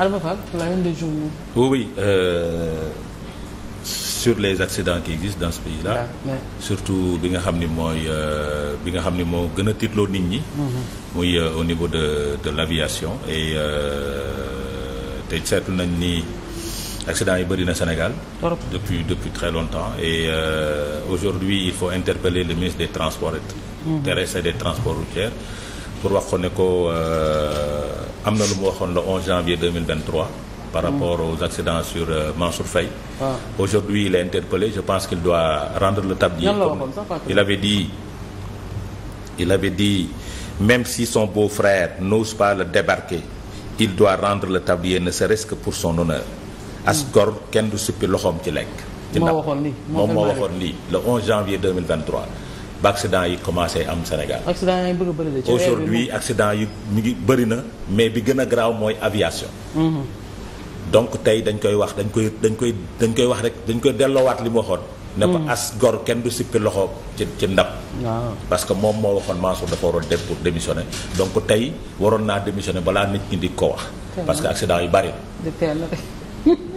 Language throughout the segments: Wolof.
Alpha Fall la euh, sur les accidents qui existent dans ce pays là. Ah, surtout bi nga xam ni mooy euh, bi nga xam ni moo gën a tiitloo nit ñi. Mhm. muy euh, au niveau de laviation l' aviation et te seetlu nañ ni. accident yi barina na Sénégal depuis depuis très longtemps et euh, aujourd'hui il faut interpeller le ministre des transports mhm. terrestres et des transports routiers pour wax ko ne ko am na lu mu waxoon le 11 janvier 2023 par rapport mmh. aux accidents sur euh, Mansour Faye. Ah. Aujourd'hui, il est interpellé, je pense qu'il doit rendre le tablier. Comme... Il avait dit même si son beau-frère n'ose pas le débarquer, il doit rendre le tablier ne serait-ce que pour son honneur. Asgor hmm. kenn du suppi loxoom ci lekk. ci ndam moom li waxoon lii le 11 janvier 2023. ba accident yi commencé am Sénégal. accident a bëri de ci aujourd'hui yi ngi bëri na mais bi gën a garaaw mooy aviation. Mhm. donc tey dañ koy wax dañ koy dañ koy dañ koy wax rek dañ koy delloowaat li mu waxoon. ne ko mhm. as gor kenn du sippi loxo ci ci ndab. parce que moom moo waxoon Mansour dafa waroon def pour démissionner donc tey waroon naa démissionner balaa nit ñi di ko wax. parce que accident yu bëri.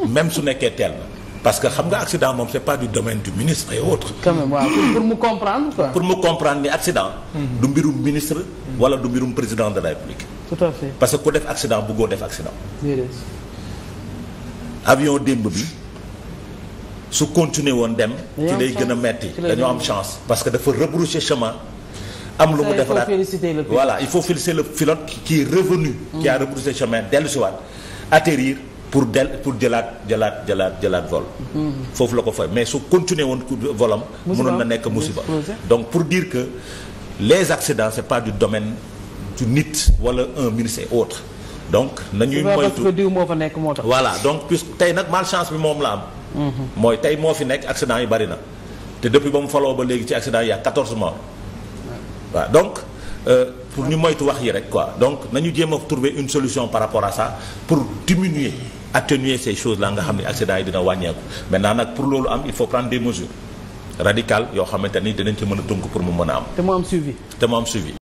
même su nekkee teel na. parce que xam nga accident moom c'est pas du domaine du ministre et autres. pour mu comprendre quoi. pour mu comprendre ni accident. Mhm. du mbirum ministre. wala du mbirum président de la république. parce que ku def accident bëggoo def accident. avion démb bi su continuer woon dem. ci lay gën a metti dañoo am chance. parce que dafa rebrousser chemin. am lu mu defaraat voilà il faut féliciter le pilote qui est revenu. qui a mhm. rebroussé chemin dellusiwaat atterrir. pour del pour jëlaat jëlaat jëlaat jëlaat vol. Mhm. foofu la ko fay mais su continuer woon volam. mënoon na nekk musiba donc pour dire que les accidents c'est pas du domaine du nit wala un ministre et autre donc nañuy moytu diw moo fa nekk moo tax voilà donc puisque tey nag malchance bi moom la am. Mhm. mooy tey moo fi nekk yi bari na te depuis ba mu faloo ba léegi ci accident yi y waaw donc. Euh, pour ñu moytu wax yi rek quoi donc nañu jéem a trouver une solution par rapport à ça pour diminuer atténuer ces choses là nga xam ne accident yi dina wàññeeku maintenant nag pour loolu am il faut prendre des mesures radicales yoo xamante ni dinañ ci mën a tunk pour mu mën a am. te mu am suivi te mu am suivi.